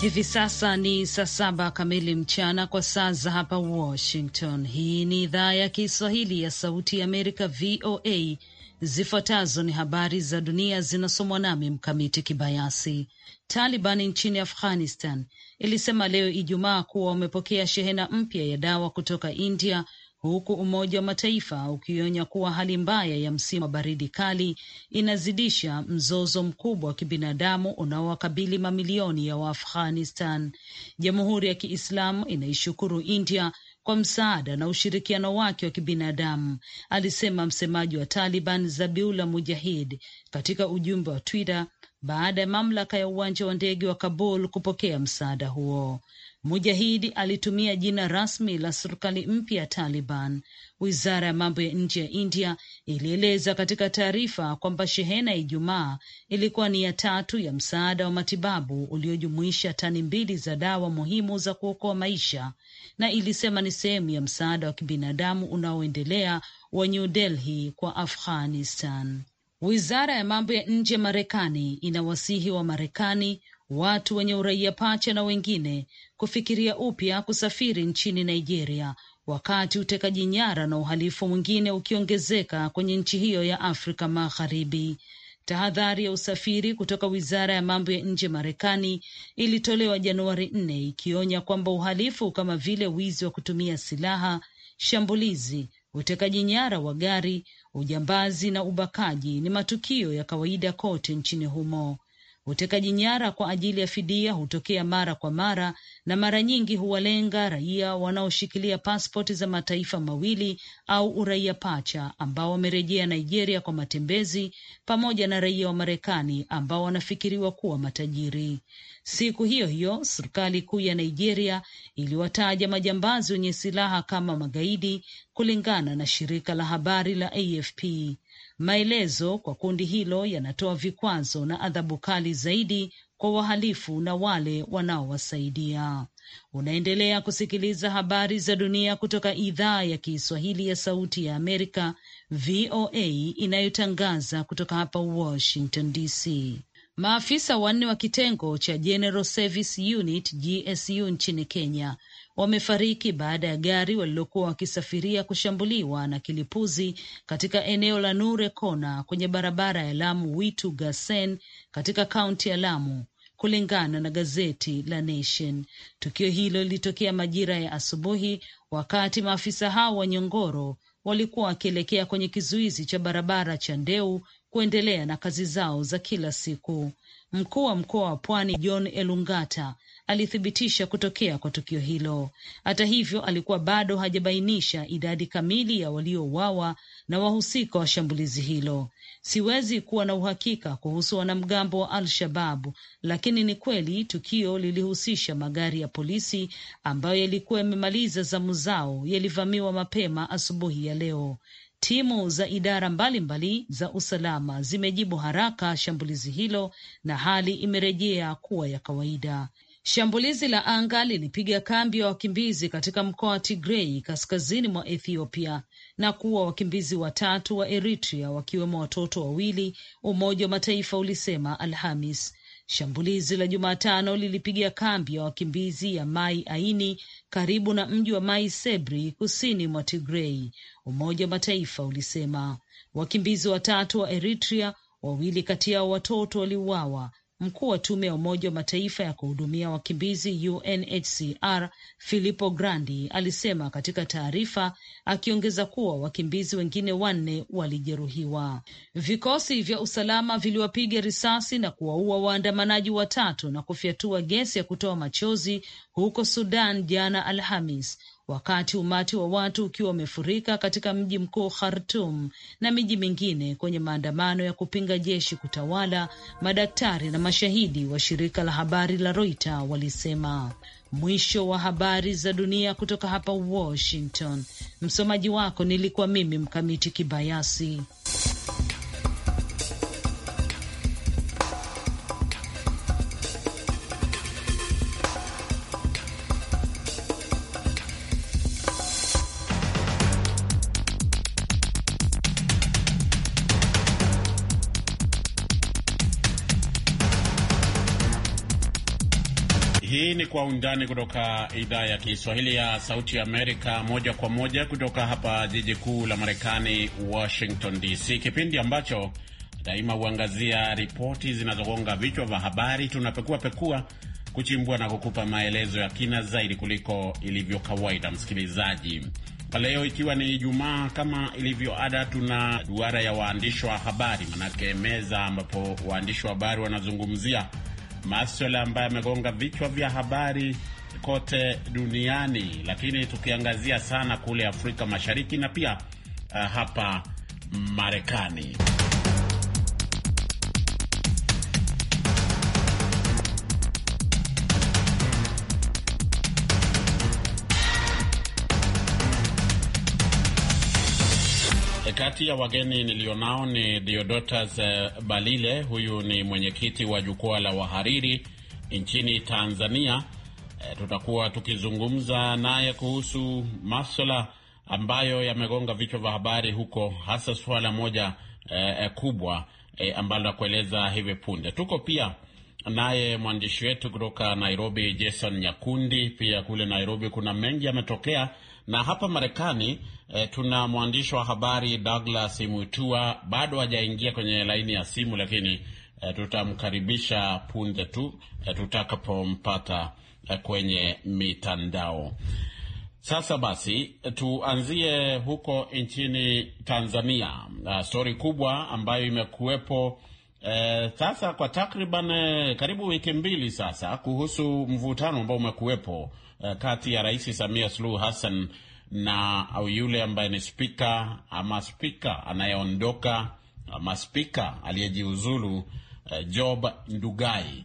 Hivi sasa ni saa saba kamili mchana kwa saa za hapa Washington. Hii ni idhaa ya Kiswahili ya Sauti ya Amerika, VOA. Zifuatazo ni habari za dunia zinasomwa nami Mkamiti Kibayasi. Taliban nchini Afghanistan ilisema leo Ijumaa kuwa wamepokea shehena mpya ya dawa kutoka India huku Umoja wa Mataifa ukionya kuwa hali mbaya ya msimu wa baridi kali inazidisha mzozo mkubwa wa kibinadamu unaowakabili mamilioni ya Waafghanistan. Jamhuri ya Kiislamu inaishukuru India kwa msaada na ushirikiano wake wa kibinadamu, alisema msemaji wa Taliban Zabiullah Mujahid katika ujumbe wa Twitter baada ya mamlaka ya uwanja wa ndege wa Kabul kupokea msaada huo. Mujahidi alitumia jina rasmi la serikali mpya ya Taliban. Wizara ya mambo ya nje ya India ilieleza katika taarifa kwamba shehena ya Ijumaa ilikuwa ni ya tatu ya msaada wa matibabu uliojumuisha tani mbili za dawa muhimu za kuokoa maisha, na ilisema ni sehemu ya msaada wa kibinadamu unaoendelea wa New Delhi kwa Afghanistan. Wizara ya mambo ya nje ya Marekani inawasihi wa Marekani, watu wenye uraia pacha na wengine kufikiria upya kusafiri nchini Nigeria, wakati utekaji nyara na uhalifu mwingine ukiongezeka kwenye nchi hiyo ya Afrika Magharibi. Tahadhari ya usafiri kutoka wizara ya mambo ya nje Marekani ilitolewa Januari nne ikionya kwamba uhalifu kama vile wizi wa kutumia silaha, shambulizi, Utekaji nyara wa gari, ujambazi na ubakaji ni matukio ya kawaida kote nchini humo Utekaji nyara kwa ajili ya fidia hutokea mara kwa mara na mara nyingi huwalenga raia wanaoshikilia paspoti za mataifa mawili au uraia pacha ambao wamerejea Nigeria kwa matembezi, pamoja na raia wa Marekani ambao wanafikiriwa kuwa matajiri. Siku hiyo hiyo, serikali kuu ya Nigeria iliwataja majambazi wenye silaha kama magaidi, kulingana na shirika la habari la AFP. Maelezo kwa kundi hilo yanatoa vikwazo na adhabu kali zaidi kwa wahalifu na wale wanaowasaidia. Unaendelea kusikiliza habari za dunia kutoka idhaa ya Kiswahili ya Sauti ya Amerika, VOA, inayotangaza kutoka hapa Washington DC. Maafisa wanne wa kitengo cha General Service Unit, GSU, nchini Kenya wamefariki baada ya gari walilokuwa wakisafiria kushambuliwa na kilipuzi katika eneo la Nure Kona kwenye barabara ya Lamu Witu Gasen katika kaunti ya Lamu, kulingana na gazeti la Nation. Tukio hilo lilitokea majira ya asubuhi, wakati maafisa hao wa Nyongoro walikuwa wakielekea kwenye kizuizi cha barabara cha Ndeu kuendelea na kazi zao za kila siku. Mkuu wa mkoa wa Pwani John Elungata alithibitisha kutokea kwa tukio hilo. Hata hivyo, alikuwa bado hajabainisha idadi kamili ya waliouawa na wahusika wa shambulizi hilo. Siwezi kuwa na uhakika kuhusu wanamgambo wa Al-Shababu, lakini ni kweli tukio lilihusisha magari ya polisi ambayo yalikuwa yamemaliza zamu zao, yalivamiwa mapema asubuhi ya leo. Timu za idara mbalimbali mbali za usalama zimejibu haraka shambulizi hilo na hali imerejea kuwa ya kawaida. Shambulizi la anga lilipiga kambi ya wa wakimbizi katika mkoa wa Tigrei kaskazini mwa Ethiopia na kuwa wakimbizi watatu wa Eritrea wakiwemo watoto wawili, Umoja wa Mataifa ulisema Alhamis. Shambulizi la Jumatano lilipiga kambi ya wa wakimbizi ya Mai Aini karibu na mji wa Mai Sebri kusini mwa Tigrei, Umoja wa Mataifa ulisema. Wakimbizi watatu wa Eritrea, wawili kati yao watoto, waliuawa Mkuu wa tume ya Umoja wa Mataifa ya kuhudumia wakimbizi UNHCR Filippo Grandi alisema katika taarifa, akiongeza kuwa wakimbizi wengine wanne walijeruhiwa. Vikosi vya usalama viliwapiga risasi na kuwaua waandamanaji watatu na kufyatua gesi ya kutoa machozi huko Sudan jana Alhamis, wakati umati wa watu ukiwa umefurika katika mji mkuu Khartum na miji mingine kwenye maandamano ya kupinga jeshi kutawala. Madaktari na mashahidi wa shirika la habari la Reuters walisema. Mwisho wa habari za dunia kutoka hapa Washington. Msomaji wako nilikuwa mimi Mkamiti Kibayasi. kwa undani kutoka idhaa ya Kiswahili ya Sauti ya Amerika, moja kwa moja kutoka hapa jiji kuu la Marekani, Washington DC, kipindi ambacho daima huangazia ripoti zinazogonga vichwa vya habari. Tunapekua pekua, kuchimbua na kukupa maelezo ya kina zaidi kuliko ilivyo kawaida, msikilizaji. Kwa leo ikiwa ni Ijumaa, kama ilivyo ada, tuna duara ya waandishi wa habari, manake meza ambapo waandishi wa habari wanazungumzia maswala ambayo yamegonga vichwa vya habari kote duniani, lakini tukiangazia sana kule Afrika Mashariki na pia uh, hapa Marekani. Kati ya wageni nilionao ni Deodotus eh, Balile, huyu ni mwenyekiti wa jukwaa la wahariri nchini Tanzania. E, tutakuwa tukizungumza naye kuhusu maswala ambayo yamegonga vichwa vya habari huko, hasa suala moja e, kubwa e, ambalo nakueleza hivi punde. Tuko pia naye mwandishi wetu kutoka Nairobi, Jason Nyakundi. Pia kule Nairobi kuna mengi yametokea na hapa Marekani e, tuna mwandishi wa habari Douglas Mwitua, bado hajaingia kwenye laini ya simu, lakini e, tutamkaribisha punde tu e, tutakapompata e, kwenye mitandao. Sasa basi tuanzie huko nchini Tanzania. Uh, stori kubwa ambayo imekuwepo eh, sasa kwa takriban karibu wiki mbili sasa kuhusu mvutano ambao umekuwepo Eh, kati ya Rais Samia Suluhu Hassan na au yule ambaye ni spika ama spika anayeondoka ama spika aliyejiuzulu eh, Job Ndugai.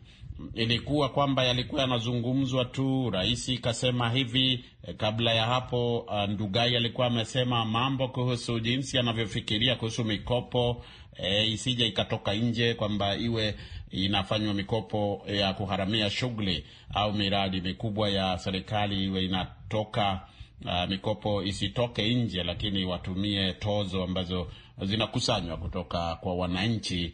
Ilikuwa kwamba yalikuwa yanazungumzwa tu, rais ikasema hivi. Eh, kabla ya hapo, Ndugai alikuwa amesema mambo kuhusu jinsi anavyofikiria kuhusu mikopo e, isije ikatoka nje kwamba iwe inafanywa mikopo ya kuharamia shughuli au miradi mikubwa ya serikali iwe inatoka uh, mikopo isitoke nje, lakini watumie tozo ambazo zinakusanywa kutoka kwa wananchi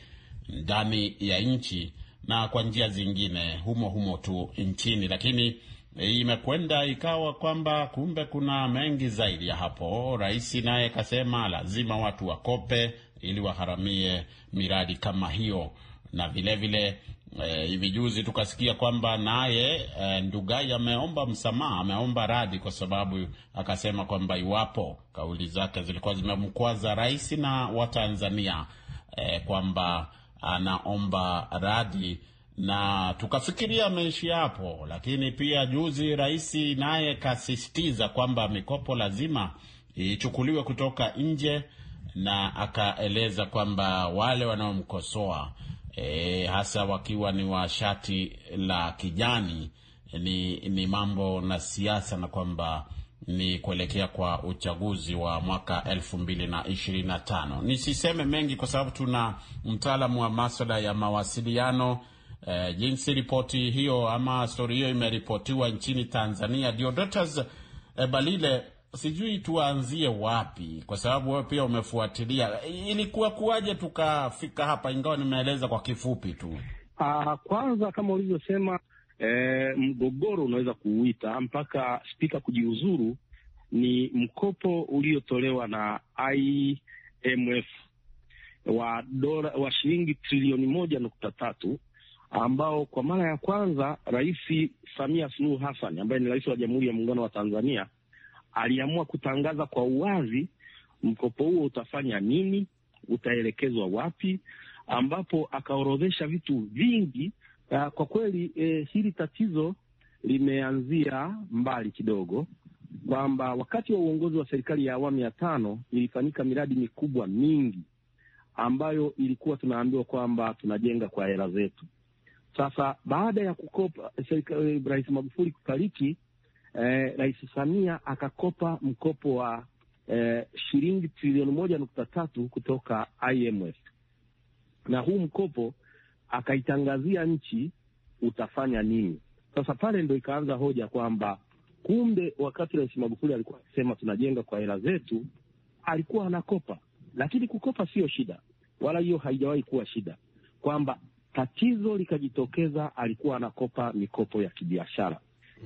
ndani ya nchi na kwa njia zingine humo humo tu nchini, lakini imekwenda ikawa kwamba kumbe kuna mengi zaidi ya hapo. Rais naye kasema lazima watu wakope ili waharamie miradi kama hiyo na vilevile vile, e, hivi juzi tukasikia kwamba naye e, Ndugai ameomba msamaha, ameomba radhi kwa sababu akasema kwamba iwapo kauli zake zilikuwa zimemkwaza rais na Watanzania e, eh, kwamba anaomba radhi na tukafikiria ameishia hapo, lakini pia juzi rais naye kasisitiza kwamba mikopo lazima ichukuliwe kutoka nje, na akaeleza kwamba wale wanaomkosoa e, hasa wakiwa ni wa shati la kijani ni, ni mambo na siasa na kwamba ni kuelekea kwa uchaguzi wa mwaka elfu mbili na ishirini na tano. Nisiseme mengi kwa sababu tuna mtaalamu wa maswala ya mawasiliano e, jinsi ripoti hiyo ama stori hiyo imeripotiwa nchini Tanzania. Diodotas e, Balile, sijui tuanzie wapi, kwa sababu wewe pia umefuatilia. Ilikuwa kuwaje tukafika hapa, ingawa nimeeleza kwa kifupi tu? Uh, kwanza kama ulivyosema eh, mgogoro unaweza kuuita mpaka spika kujiuzuru ni mkopo uliotolewa na IMF wa dola wa shilingi trilioni moja nukta tatu ambao kwa mara ya kwanza Rais Samia Suluhu Hassan ambaye ni rais wa Jamhuri ya Muungano wa Tanzania aliamua kutangaza kwa uwazi mkopo huo utafanya nini, utaelekezwa wapi, ambapo akaorodhesha vitu vingi. Uh, kwa kweli eh, hili tatizo limeanzia mbali kidogo, kwamba wakati wa uongozi wa serikali ya awamu ya tano ilifanyika miradi mikubwa mingi ambayo ilikuwa tunaambiwa kwamba tunajenga kwa hela zetu. Sasa baada ya kukopa eh, serikali, eh, Rais Magufuli kufariki eh, Rais Samia akakopa mkopo wa eh, shilingi trilioni moja nukta tatu kutoka IMF na huu mkopo akaitangazia nchi utafanya nini. Sasa pale ndo ikaanza hoja kwamba kumbe wakati Rais Magufuli alikuwa akisema tunajenga kwa hela zetu, alikuwa anakopa. Lakini kukopa siyo shida, wala hiyo haijawahi kuwa shida, kwamba tatizo likajitokeza, alikuwa anakopa mikopo ya kibiashara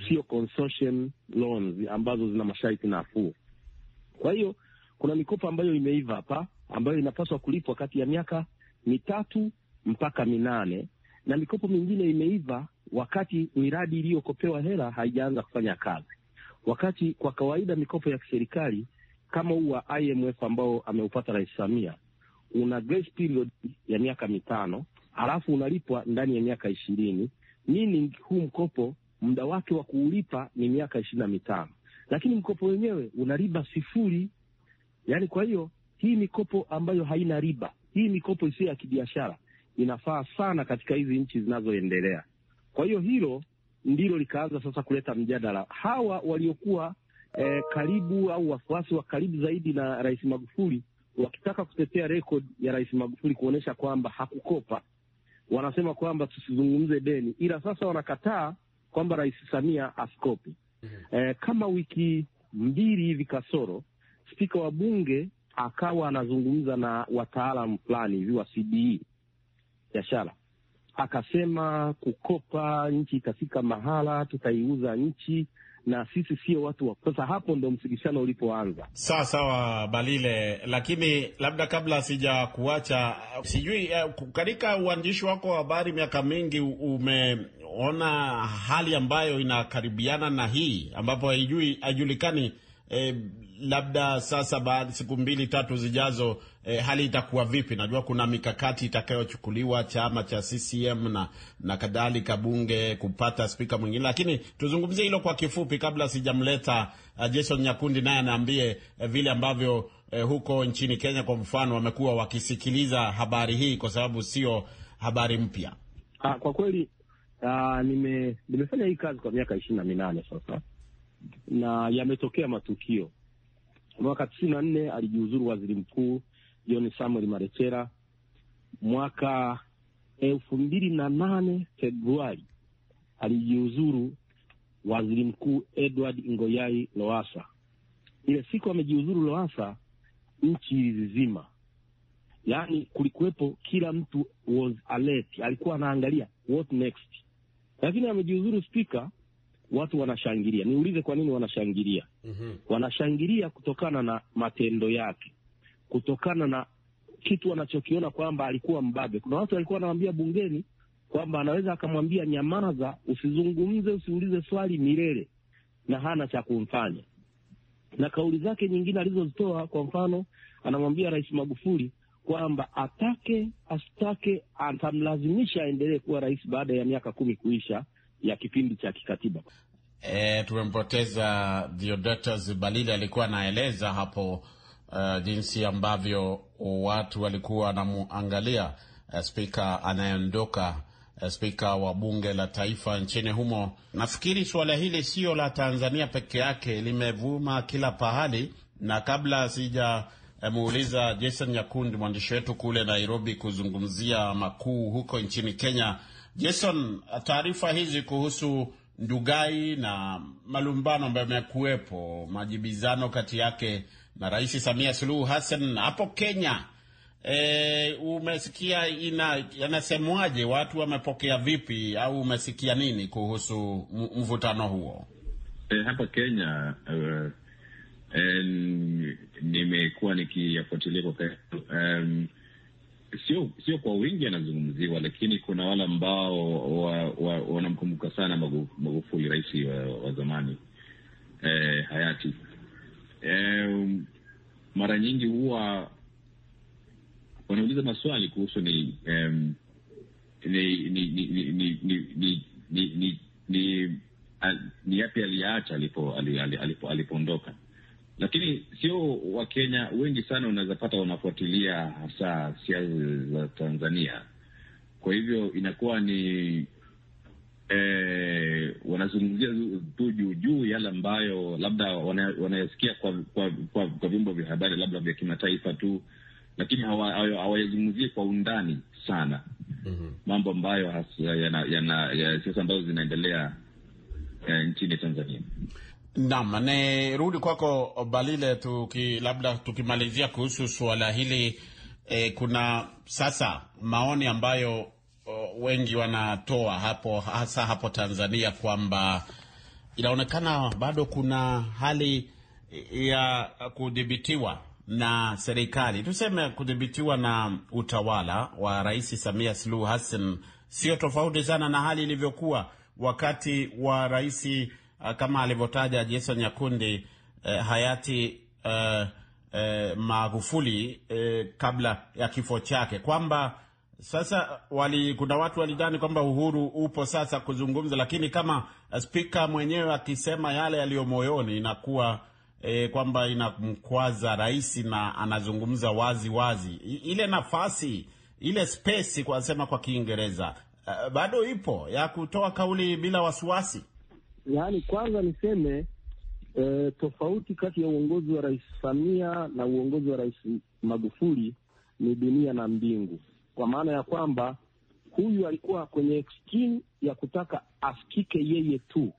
sio consortium loans ambazo zina masharti nafuu. Kwa hiyo kuna mikopo ambayo imeiva hapa ambayo inapaswa kulipwa kati ya miaka mitatu mpaka minane na mikopo mingine imeiva wakati miradi iliyokopewa hela haijaanza kufanya kazi. Wakati kwa kawaida mikopo ya kiserikali kama huu wa IMF ambao ameupata Rais Samia una grace period ya miaka mitano alafu unalipwa ndani ya miaka ishirini. Meaning huu mkopo muda wake wa kuulipa ni miaka ishirini na mitano, lakini mkopo wenyewe una riba sifuri. Yani, kwa hiyo hii mikopo ambayo haina riba, hii mikopo isiyo ya kibiashara inafaa sana katika hizi nchi zinazoendelea. Kwa hiyo hilo ndilo likaanza sasa kuleta mjadala. Hawa waliokuwa eh, karibu au wafuasi wa karibu zaidi na Rais Magufuli wakitaka kutetea rekodi ya Rais Magufuli kuonyesha kwamba hakukopa, wanasema kwamba tusizungumze deni, ila sasa wanakataa kwamba Rais Samia askopi. mm -hmm. E, kama wiki mbili hivi kasoro, spika wa bunge akawa anazungumza na wataalam fulani hivi wa CBE biashara, akasema kukopa nchi itafika mahala tutaiuza nchi na sisi sio watu wa sasa. Hapo ndo msigishano ulipoanza. Sawa sawa, Balile, lakini labda kabla sijakuacha, sijui eh, katika uandishi wako wa habari miaka mingi ume ona hali ambayo inakaribiana na hii ambapo haijui haijulikani e, labda sasa baada siku mbili tatu zijazo e, hali itakuwa vipi? Najua kuna mikakati itakayochukuliwa chama cha CCM na, na kadhalika, bunge kupata spika mwingine, lakini tuzungumzie hilo kwa kifupi kabla sijamleta e, Jason Nyakundi naye anaambie eh, vile ambavyo e, huko nchini Kenya kwa mfano wamekuwa wakisikiliza habari hii kwa sababu sio habari mpya. Ah, kwa kweli Ah, nime, nimefanya hii kazi kwa miaka ishirini na minane sasa, na yametokea matukio. Mwaka tisini na nne alijiuzuru waziri mkuu John Samuel Marechera. Mwaka elfu mbili na nane Februari alijiuzuru waziri mkuu Edward Ngoyai Lowassa. Ile siku amejiuzuru Lowassa, nchi zizima yaani kulikuwepo, kila mtu was alert, alikuwa anaangalia what next lakini amejiuzuru spika, watu wanashangilia. Niulize, kwa nini wanashangilia? mm -hmm. Wanashangilia kutokana na matendo yake, kutokana na kitu wanachokiona kwamba alikuwa mbabe. Kuna watu walikuwa wanamwambia bungeni kwamba anaweza akamwambia nyamaza, usizungumze, usiulize swali milele, na hana cha kumfanya. Na kauli zake nyingine alizozitoa, kwa mfano, anamwambia Rais Magufuli kwamba atake astake atamlazimisha aendelee kuwa rais baada ya miaka kumi kuisha ya kipindi cha kikatiba. E, tumempoteza Deodatus Balile, alikuwa anaeleza hapo uh, jinsi ambavyo watu walikuwa wanamuangalia uh, spika anayeondoka uh, spika wa bunge la taifa nchini humo. Nafikiri suala hili sio la Tanzania peke yake, limevuma kila pahali, na kabla sija muuliza Jason Nyakundi, mwandishi wetu kule Nairobi, kuzungumzia makuu huko nchini Kenya. Jason, taarifa hizi kuhusu Ndugai na malumbano ambayo yamekuwepo, majibizano kati yake na Rais Samia Suluhu Hassan hapo Kenya, e, umesikia yanasemwaje? Watu wamepokea vipi, au umesikia nini kuhusu mvutano huo? E, hapa Kenya uh nimekuwa nikiyafuatilia kwa karibu um, sio sio kwa wingi anazungumziwa, lakini kuna wale ambao wanamkumbuka wa, wa, sana Magufuli, rais wa, wa zamani eh, hayati eh, mara nyingi huwa wanauliza maswali kuhusu ni um, ni ni ni ni ni ni ni ni yapi aliyaacha alipoondoka lakini sio Wakenya wengi sana unaweza pata wanafuatilia hasa siasa za Tanzania. Kwa hivyo inakuwa ni eh, wanazungumzia tu juu juu yale ambayo labda wanayasikia kwa, kwa, kwa, kwa vyombo vya habari labda vya kimataifa tu, lakini hawayazungumzie kwa undani sana mm-hmm. mambo ambayo hasa yana, yana, ya siasa ambazo zinaendelea eh, nchini Tanzania. Naam, rudi kwako Balile, tuki labda tukimalizia kuhusu suala hili e, kuna sasa maoni ambayo o, wengi wanatoa hapo hasa hapo Tanzania kwamba inaonekana bado kuna hali ya kudhibitiwa na serikali, tuseme kudhibitiwa na utawala wa Rais Samia Suluhu Hassan, sio tofauti sana na hali ilivyokuwa wakati wa Rais Uh, kama alivyotaja Jason Nyakundi eh, hayati eh, eh, Magufuli eh, kabla ya kifo chake kwamba sasa wali, kuna watu walidhani kwamba uhuru upo sasa kuzungumza, lakini kama spika mwenyewe akisema yale yaliyo moyoni inakuwa e, kwamba inamkwaza rais na anazungumza wazi wazi. ile nafasi ile space kwa sema kwa Kiingereza bado ipo ya kutoa kauli bila wasiwasi yaani, kwanza niseme e, tofauti kati ya uongozi wa Rais Samia na uongozi wa Rais Magufuli ni dunia na mbingu, kwa maana ya kwamba huyu alikuwa kwenye extreme ya kutaka asikike yeye tu,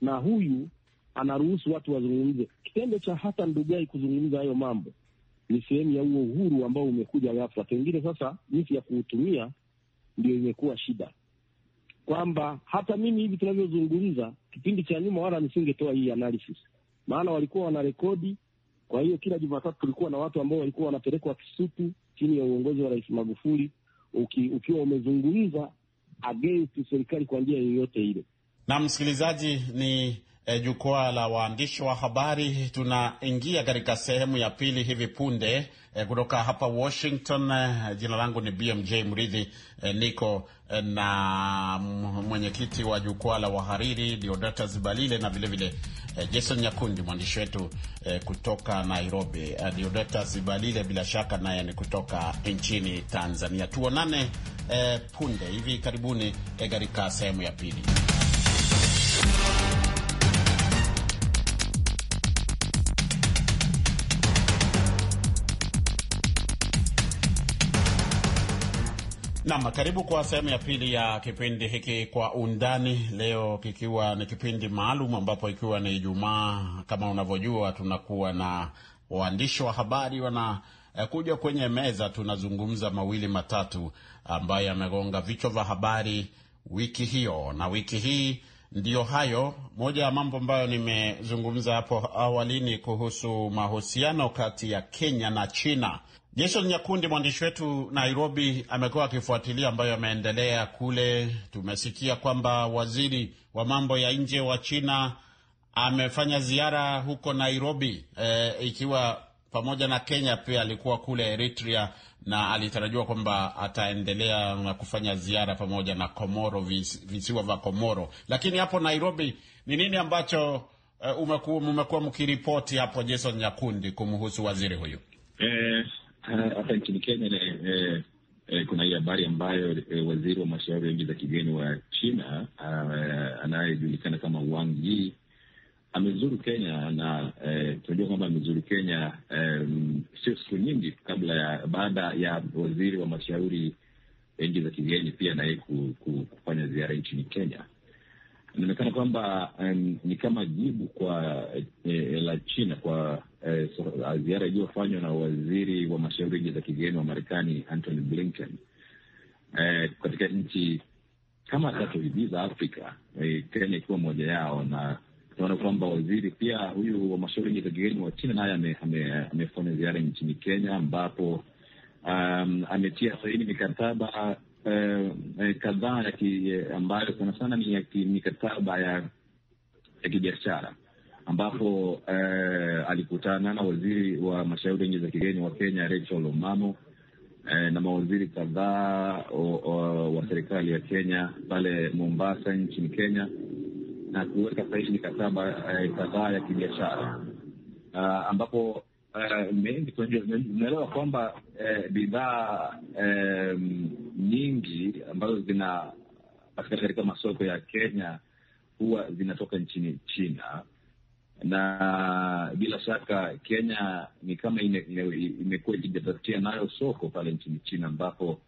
na huyu anaruhusu watu wazungumze. Kitendo cha hata Ndugai kuzungumza hayo mambo ni sehemu ya huo uhuru ambao umekuja ghafla. Pengine sasa jinsi ya kuutumia ndio imekuwa shida kwamba hata mimi hivi tunavyozungumza, kipindi cha nyuma wala nisingetoa hii analysis, maana walikuwa wana rekodi Kwa hiyo kila Jumatatu tulikuwa na watu ambao walikuwa wanapelekwa Kisutu chini ya uongozi wa Rais Magufuli, uki, ukiwa umezungumza against serikali kwa njia yoyote ile. Na msikilizaji ni e, jukwaa la waandishi wa habari. Tunaingia katika sehemu ya pili hivi punde e, kutoka hapa Washington. E, jina langu ni BMJ Mridhi. E, niko e, na mwenyekiti wa jukwaa la wahariri Diodata Zibalile na vilevile e, Jason Nyakundi mwandishi wetu e, kutoka Nairobi. E, Diodata Zibalile bila shaka naye ni kutoka nchini Tanzania. Tuonane e, punde hivi karibuni e, katika e, sehemu ya pili. Nam, karibu kwa sehemu ya pili ya kipindi hiki kwa undani, leo kikiwa ni kipindi maalum ambapo ikiwa ni Ijumaa, kama unavyojua, tunakuwa na waandishi wa habari wanakuja kwenye meza, tunazungumza mawili matatu ambayo yamegonga vichwa vya habari wiki hiyo, na wiki hii ndiyo hayo. Moja ya mambo ambayo nimezungumza hapo awalini kuhusu mahusiano kati ya Kenya na China Jason Nyakundi, mwandishi wetu Nairobi, amekuwa akifuatilia ambayo yameendelea kule. Tumesikia kwamba waziri wa mambo ya nje wa China amefanya ziara huko Nairobi, e, ikiwa pamoja na Kenya pia alikuwa kule Eritrea, na alitarajiwa kwamba ataendelea na kufanya ziara pamoja na Komoro, visiwa vya Komoro. Lakini hapo Nairobi ni nini ambacho e, umekuwa mkiripoti hapo Jason Nyakundi kumhusu waziri huyu? Eh. Eh, hapa nchini Kenya eh, eh, eh, kuna hii habari ambayo eh, waziri wa mashauri ya nchi za kigeni wa China eh, anayejulikana kama Wang Yi amezuru Kenya na eh, tunajua kwamba amezuru Kenya sio siku nyingi kabla ya baada ya waziri wa mashauri ya nchi za kigeni pia naye ku, ku, kufanya ziara nchini Kenya. Inaonekana kwamba um, ni kama jibu kwa eh, la China kwa eh, so, uh, ziara iliyofanywa na waziri wa mashauri za kigeni wa Marekani Antony Blinken eh, katika nchi kama tatu hivi za Afrika eh, Kenya ikiwa moja yao, na tunaona kwamba waziri pia huyu wa mashauri za kigeni wa China naye ame, ame, amefanya ziara nchini Kenya ambapo um, ametia saini mikataba eh, eh kadhaa eh, ambayo sana sana ni mikataba ya, ya kibiashara ambapo eh, alikutana na waziri wa mashauri ya nchi za kigeni wa Kenya Rachel Omamo eh, na mawaziri kadhaa wa serikali ya Kenya pale Mombasa nchini Kenya na kuweka sahihi mikataba eh, kadhaa ya kibiashara ah, ambapo eh, mengi tunaelewa kwamba eh, bidhaa eh, nyingi ambazo zinapatikana katika katika masoko ya Kenya huwa zinatoka nchini China na bila shaka Kenya ni kama imekuwa ikijitafutia nayo soko pale nchini China ambapo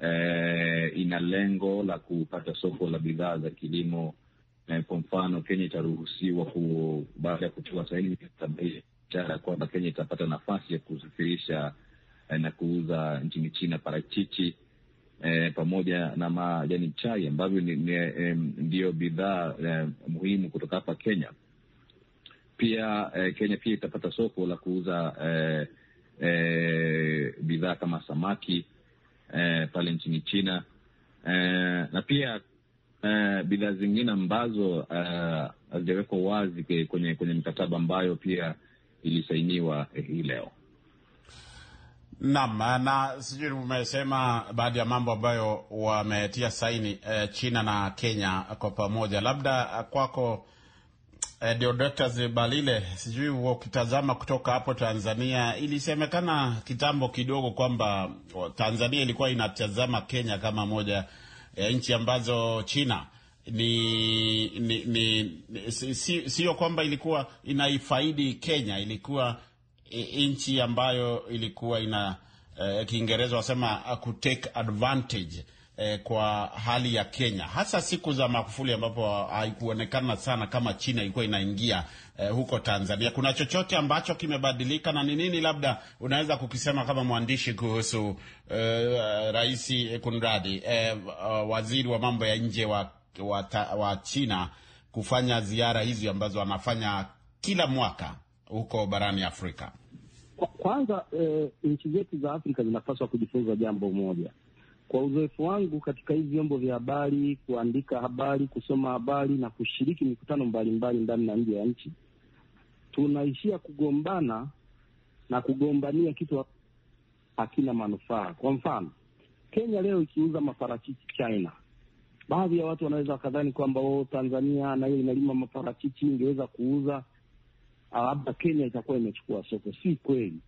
eh, ina lengo la kupata soko la bidhaa za kilimo eh, kwa mfano Kenya itaruhusiwa ku, baada ya kutoa saini ishara kwamba Kenya itapata nafasi ya kusafirisha eh, na kuuza nchini China parachichi eh, pamoja na majani chai ambavyo ndiyo eh, bidhaa eh, muhimu kutoka hapa Kenya. Pia eh, Kenya pia itapata soko la kuuza eh, eh, bidhaa kama samaki eh, pale nchini China eh, na pia eh, bidhaa zingine ambazo eh, hazijawekwa eh, wazi kwenye, kwenye mkataba ambayo pia ilisainiwa eh, hii leo. Naam, na sijui umesema baadhi ya mambo ambayo wametia saini eh, China na Kenya kwa pamoja, labda eh, kwako Eh, Deodatus Balile, sijui ukitazama kutoka hapo Tanzania, ilisemekana kitambo kidogo kwamba oh, Tanzania ilikuwa inatazama Kenya kama moja eh, nchi ambazo China ni, ni, ni sio si, si kwamba ilikuwa inaifaidi Kenya, ilikuwa eh, nchi ambayo ilikuwa ina eh, Kiingereza wasema ah, ku take advantage eh, kwa hali ya Kenya, hasa siku za Magufuli ambapo haikuonekana sana kama China ilikuwa inaingia eh, huko Tanzania. Kuna chochote ambacho kimebadilika na ni nini labda unaweza kukisema kama mwandishi kuhusu eh, rais kunradi eh, waziri wa mambo ya nje wa, wa, wa China kufanya ziara hizi ambazo anafanya kila mwaka huko barani Afrika? Kwanza eh, nchi zetu za Afrika zinapaswa kujifunza jambo moja kwa uzoefu wangu katika hivi vyombo vya habari, kuandika habari, kusoma habari na kushiriki mikutano mbalimbali ndani na nje ya nchi, tunaishia kugombana na kugombania kitu hakina manufaa. Kwa mfano, Kenya leo ikiuza maparachichi China, baadhi ya watu wanaweza wakadhani kwamba oh, Tanzania hiyo inalima maparachichi ingeweza kuuza, ah, labda Kenya itakuwa imechukua soko. Si kweli.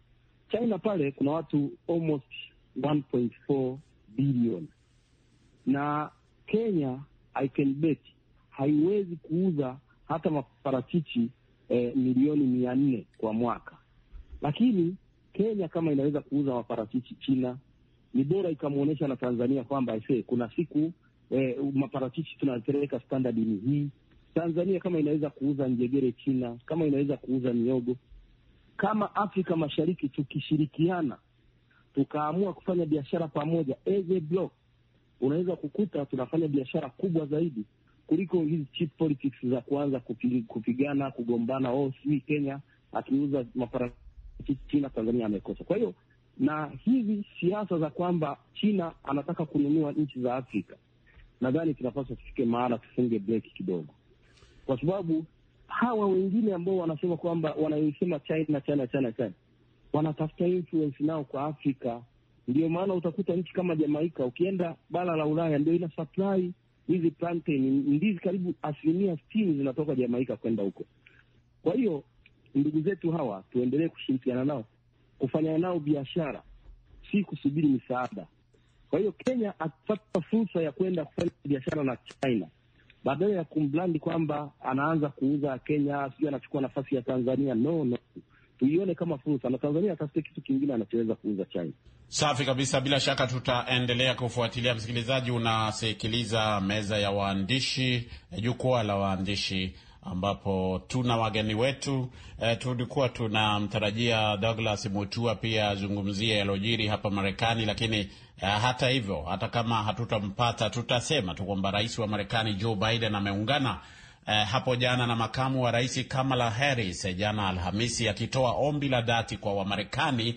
China pale kuna watu almost bilioni, na Kenya I haiwezi kuuza hata maparachichi eh, milioni mia nne kwa mwaka, lakini Kenya kama inaweza kuuza maparachichi China, ni bora ikamwonyesha na Tanzania kwamba ise kuna siku eh, maparachichi tunapeleka standard ni hii. Tanzania kama inaweza kuuza njegere China, kama inaweza kuuza miogo, kama Afrika Mashariki tukishirikiana tukaamua kufanya biashara pamoja as a block, unaweza kukuta tunafanya biashara kubwa zaidi kuliko hizi cheap politics za kuanza kupigana kugombana, oh sijui Kenya akiuza maparachichi China, Tanzania amekosa. Kwa hiyo na hizi siasa za kwamba China anataka kununua nchi za Afrika, nadhani tunapaswa tufike mahala tufunge breki kidogo, kwa sababu hawa wengine ambao wanasema kwamba China China China China wanatafuta influence nao kwa Afrika. Ndio maana utakuta nchi kama Jamaika, ukienda bara la Ulaya ndio ina supply hizi plantain, ndizi karibu asilimia sitini zinatoka Jamaika kwenda huko. Kwa hiyo ndugu zetu hawa tuendelee kushirikiana nao kufanya nao biashara, si kusubiri misaada. Kwa hiyo Kenya atapata fursa ya kwenda kufanya biashara na China badala ya kumblandi kwamba anaanza kuuza Kenya, sijui anachukua nafasi ya Tanzania. No, no, tuione kama fursa, na Tanzania atafute kitu kingine anachoweza kuuza China. Safi kabisa, bila shaka tutaendelea kufuatilia. Msikilizaji, unasikiliza meza ya waandishi, eh, jukwaa la waandishi ambapo tuna wageni wetu e, tulikuwa tunamtarajia Douglas Mutua pia azungumzie yalojiri hapa Marekani, lakini e, hata hivyo, hata kama hatutampata tutasema tu kwamba rais wa Marekani Joe Biden ameungana eh, hapo jana na makamu wa rais Kamala Harris eh, jana Alhamisi, akitoa ombi la dhati kwa Wamarekani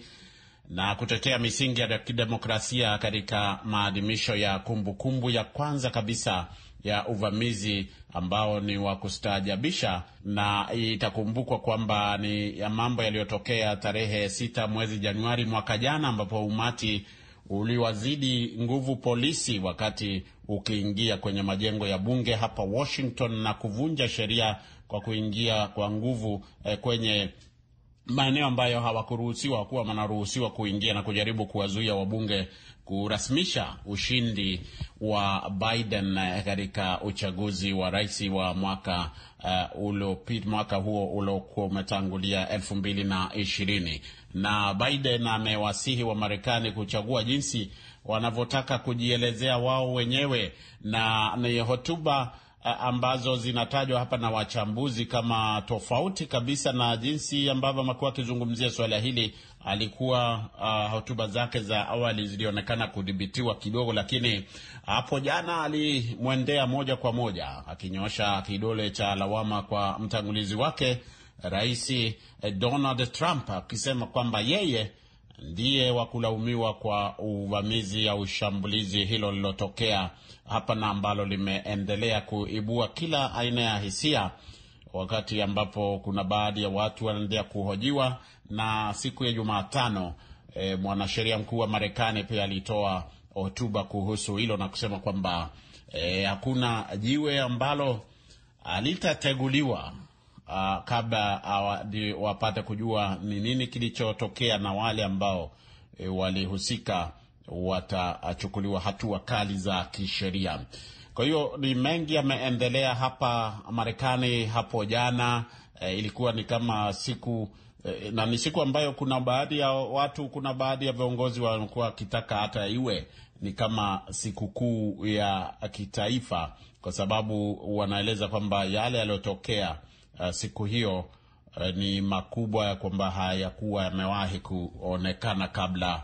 na kutetea misingi ya kidemokrasia katika maadhimisho ya kumbukumbu kumbu ya kwanza kabisa ya uvamizi ambao ni wa kustaajabisha, na itakumbukwa kwamba ni ya mambo yaliyotokea tarehe sita mwezi Januari mwaka jana ambapo umati uliwazidi nguvu polisi wakati ukiingia kwenye majengo ya bunge hapa Washington na kuvunja sheria kwa kuingia kwa nguvu eh, kwenye maeneo ambayo hawakuruhusiwa kuwa wanaruhusiwa kuingia na kujaribu kuwazuia wabunge kurasmisha ushindi wa Biden eh, katika uchaguzi wa rais wa mwaka uh, eh, uliopita, mwaka huo uliokuwa umetangulia elfu mbili na ishirini na Biden amewasihi marekani kuchagua jinsi wanavyotaka kujielezea wao wenyewe, na ni hotuba ambazo zinatajwa hapa na wachambuzi kama tofauti kabisa na jinsi ambavyo amekuwa akizungumzia suala hili. Alikuwa uh, hotuba zake za awali zilionekana kudhibitiwa kidogo, lakini hapo jana alimwendea moja kwa moja, akinyoosha kidole cha lawama kwa mtangulizi wake Rais eh, Donald Trump akisema kwamba yeye ndiye wa kulaumiwa kwa uvamizi au shambulizi hilo lililotokea hapa na ambalo limeendelea kuibua kila aina ya hisia, wakati ambapo kuna baadhi ya watu wanaendelea kuhojiwa. Na siku ya Jumatano e, mwanasheria mkuu wa Marekani pia alitoa hotuba kuhusu hilo na kusema kwamba e, hakuna jiwe ambalo alitateguliwa uh, kabla uh, wapate kujua ni nini kilichotokea na wale ambao e, walihusika watachukuliwa hatua kali za kisheria. Kwa hiyo ni mengi yameendelea hapa Marekani hapo jana. E, ilikuwa ni kama siku e, na ni siku ambayo kuna baadhi ya watu, kuna baadhi ya viongozi wamekuwa wakitaka hata iwe ni kama sikukuu ya kitaifa, kwa sababu wanaeleza kwamba yale yaliyotokea uh, siku hiyo uh, ni makubwa ya kwamba hayakuwa yamewahi kuonekana kabla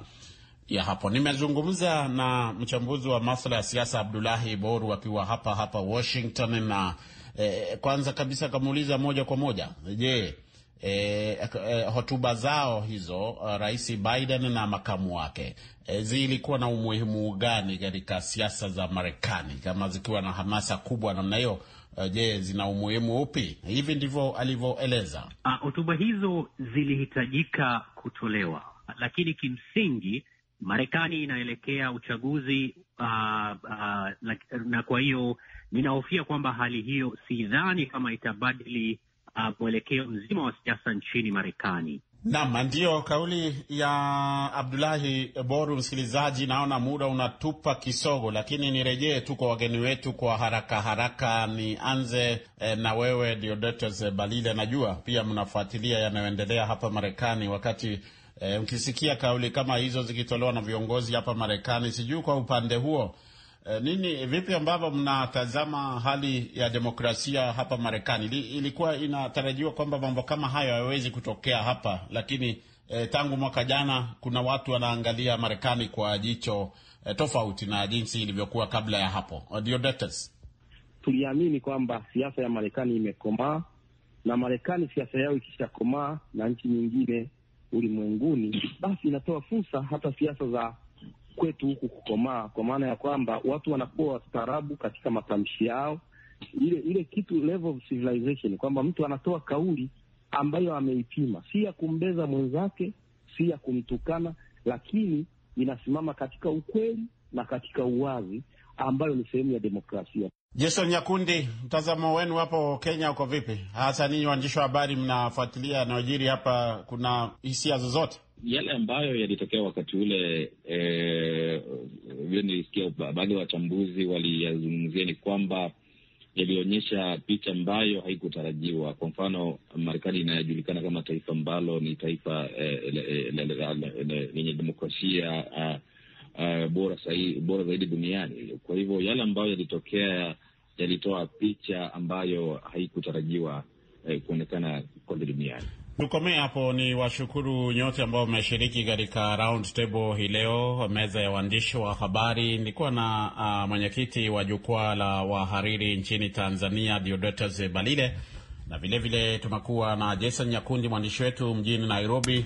ya hapo. Nimezungumza na mchambuzi wa masuala ya siasa Abdulahi Boru akiwa hapa hapa Washington, na eh, kwanza kabisa kamuuliza moja kwa moja, je, eh, eh, hotuba zao hizo eh, Rais Biden na makamu wake eh, zilikuwa na umuhimu gani katika siasa za Marekani kama zikiwa na hamasa kubwa namna hiyo? Eh, je, zina umuhimu upi? Hivi ndivyo alivyoeleza. Ah, hotuba uh, hizo zilihitajika kutolewa, lakini kimsingi Marekani inaelekea uchaguzi uh, ah, uh, ah, na, na kwa hiyo ninahofia kwamba hali hiyo, sidhani kama itabadili uh, mwelekeo mzima wa siasa nchini Marekani. Nam, ndiyo kauli ya Abdulahi Boru. Msikilizaji, naona muda unatupa kisogo, lakini nirejee tu kwa wageni wetu kwa haraka haraka. Nianze eh, na wewe Diodetes Balile, najua pia mnafuatilia yanayoendelea hapa Marekani wakati eh, mkisikia kauli kama hizo zikitolewa na viongozi hapa Marekani, sijui kwa upande huo Eh, nini, vipi ambavyo mnatazama hali ya demokrasia hapa Marekani? Ilikuwa inatarajiwa kwamba mambo kama hayo hayawezi kutokea hapa, lakini e, tangu mwaka jana kuna watu wanaangalia Marekani kwa jicho e, tofauti na jinsi ilivyokuwa kabla ya hapo. Deodatus, tuliamini kwamba siasa ya Marekani imekomaa na Marekani siasa yao ikishakomaa na nchi nyingine ulimwenguni, basi inatoa fursa hata siasa za kwetu huku kukomaa, kwa maana ya kwamba watu wanakuwa wastaarabu katika matamshi yao, ile ile kitu level of civilization, kwamba mtu anatoa kauli ambayo ameipima, si ya kumbeza mwenzake, si ya kumtukana, lakini inasimama katika ukweli na katika uwazi ambayo ni sehemu ya demokrasia. Jason Nyakundi, mtazamo wenu hapo Kenya uko vipi? Hasa ninyi waandishi wa habari mnafuatilia yanayojiri hapa, kuna hisia zozote? yale ambayo yalitokea wakati ule eh, nilisikia baadhi ya wachambuzi waliyazungumzia ni kwamba yalionyesha picha ambayo haikutarajiwa. Kwa mfano, Marekani inayojulikana kama taifa ambalo ni taifa eh, lenye demokrasia eh, eh, bora bora zaidi duniani. Kwa hivyo yale ambayo yalitokea yalitoa picha ambayo haikutarajiwa kuonekana kote duniani. Tukomee hapo. Ni washukuru nyote ambao wameshiriki katika round table hii leo, meza ya waandishi wa habari. Nilikuwa na uh, mwenyekiti wa jukwaa la wahariri nchini Tanzania, Diodotas Balile, na vilevile tumekuwa na Jason Nyakundi, mwandishi wetu mjini Nairobi,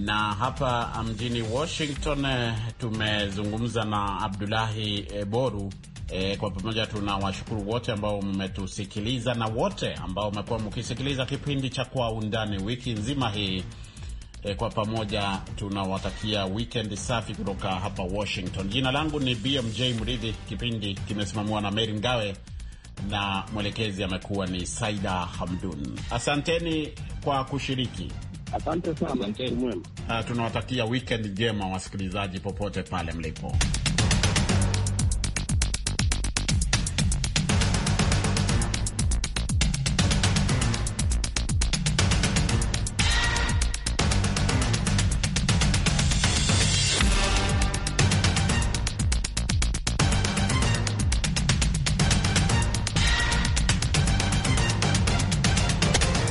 na hapa ah, mjini Washington eh, tumezungumza na Abdulahi Boru E, kwa pamoja tunawashukuru wote ambao mmetusikiliza na wote ambao mmekuwa mkisikiliza kipindi cha Kwa Undani wiki nzima hii. E, kwa pamoja tunawatakia weekend safi kutoka hapa Washington. Jina langu ni BMJ Mridhi, kipindi kimesimamiwa na Meri Mgawe na mwelekezi amekuwa ni Saida Hamdun. Asanteni kwa kushiriki. Asante sana. Asante. Tunawatakia weekend njema wasikilizaji, popote pale mlipo.